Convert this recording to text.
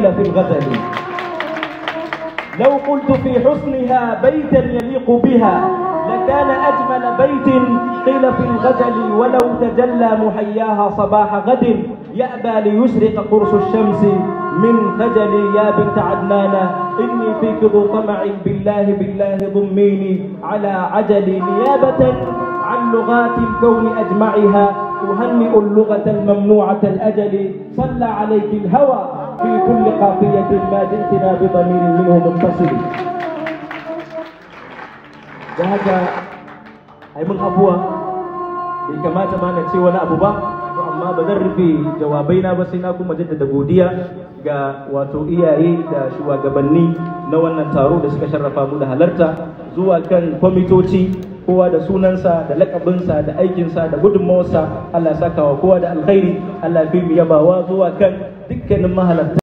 قيل في الغزل لو قلت في حسنها بيتا يليق بها لكان أجمل بيت قيل في الغزل ولو تجلى محياها صباح غد يأبى ليشرق قرص الشمس من خجلي يا بنت عدنان إني فيك ذو طمع بالله بالله ضميني على عجلي نيابة عن لغات الكون أجمعها أهنئ اللغة الممنوعة الأجل صلى عليك الهوى في كل قافية ما جئتنا بضمير منه fasiri. da haka ai mun abuwa bai kamata ma na ce wani abu ba to amma ba zan rufe jawabai na ba sai na kuma jaddada godiya ga wato iyaye da shugabanni na wannan taro da suka sharrafa mu da halarta zuwa kan kwamitoci kowa da sunansa da lakabinsa da aikinsa da gudunmawarsa Allah sakawa kowa da alkhairi Allah fi mu yabawa zuwa kan dukkanin mahalarta